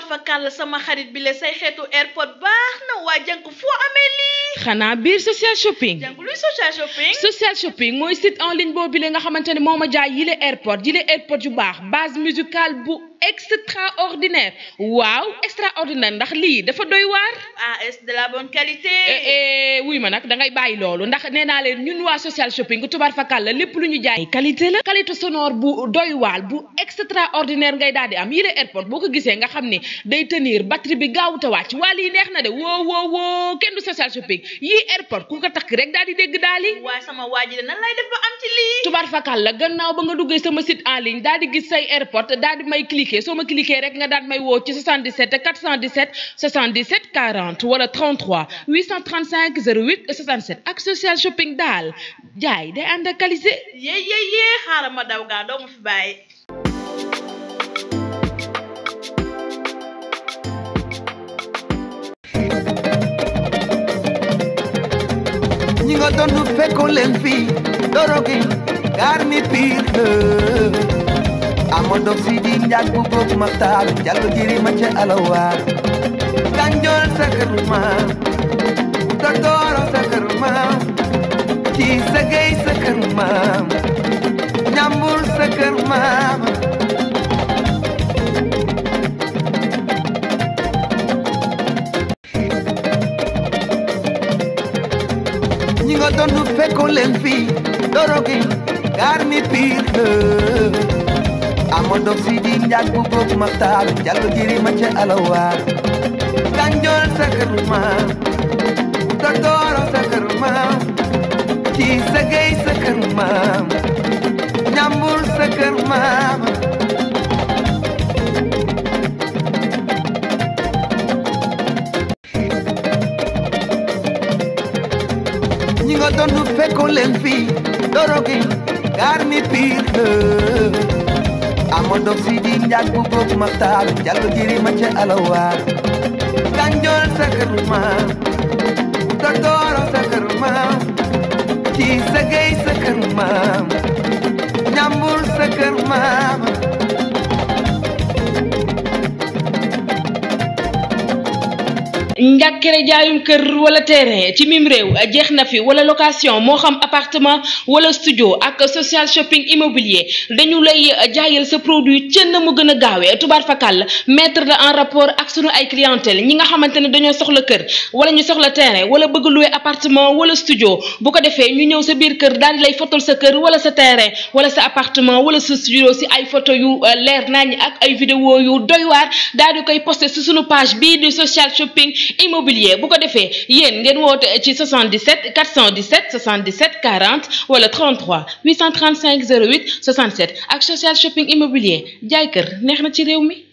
tubaar fa sama xarit bi le say xeetu airpod baax na waa jànk foo amee lii xanaa biir social shopping. jàngulu social shopping. social shopping mooy site en ligne boobu la nga xamante ne moo ma jaay yile airport yile airport yu baax base musicale bu. extraordinaire waaw extraordinaire ndax lii dafa doy waar. ah est de la bonne qualité. Eh oui, eh, nag da ngay bàyyi loolu ndax nee naa leen ñun waa social shopping tubaar fakal la lépp lu ñu jaay. qualité la qualité sonore bu doy waar bu extraordinaire ngay daal di am yile airport boo ko gisee nga xam ni day tenir batterie bi gaawut a wàcc waa lii neex na de woo woo woo kenn du social shopping yii airport ku ko takk rek daal di dégg daal di. waaye sama waa ji de lay def ba am ci lii. tubaar fakal la gannaaw ba nga duggee sama site en ligne daal di gis say airport daal di may cliquer soo ma cliquer rek nga daal may woo ci 77 417 77 40 wala 33 835 08 67 ak social shopping daal jaay day ànd ak qualité. yee yee yee xaaral ma daw gaa doo ma fi bàyyi. Quand on nous fait qu'on l'envie, dorogi, garni pirne. Amondo sidi njak bu brok maktab, jago jiri mace alawa. Ganjol sakarma, dodoro sakarma, ci sagay sakarma. Quand on nous fait qu'on l'envie, dorogi, garni pirne. Amondo sidi njak bu brok maktab, jago jiri mace alawa. Ganjol sakarma, dodoro sakarma, ci sagay sakarma, nyambul sakarma. quand on nous fait qu'on dorogi, garni pirne. Amondo dosi njak bu mata maktab, jago jiri mace alawa. Ganjol sakarma, dodoro sakarma, ci sagay njàkkere jaayum keur wala terrain ci mim réew fi wala location mo xam appartement wala studio ak social shopping immobilier dañu lay jaayel sa produit mu gëna gaawé mettre en rapport ak sunu ay clientèle ñi nga soxla wala ñu soxla terrain wala bëgg appartement wala studio bu ko défé ñu ñëw sa biir keur dal lay fotol sa wala sa terrain wala sa appartement wala sa studio un ay photo yu un euh, ak ay vidéo yu doy d'ailleurs un di koy page social shopping immobilier beaucoup de faits, Yen, 77 417 77 40 wala 33 835 08 67 ak social shopping immobilier jaay kër ce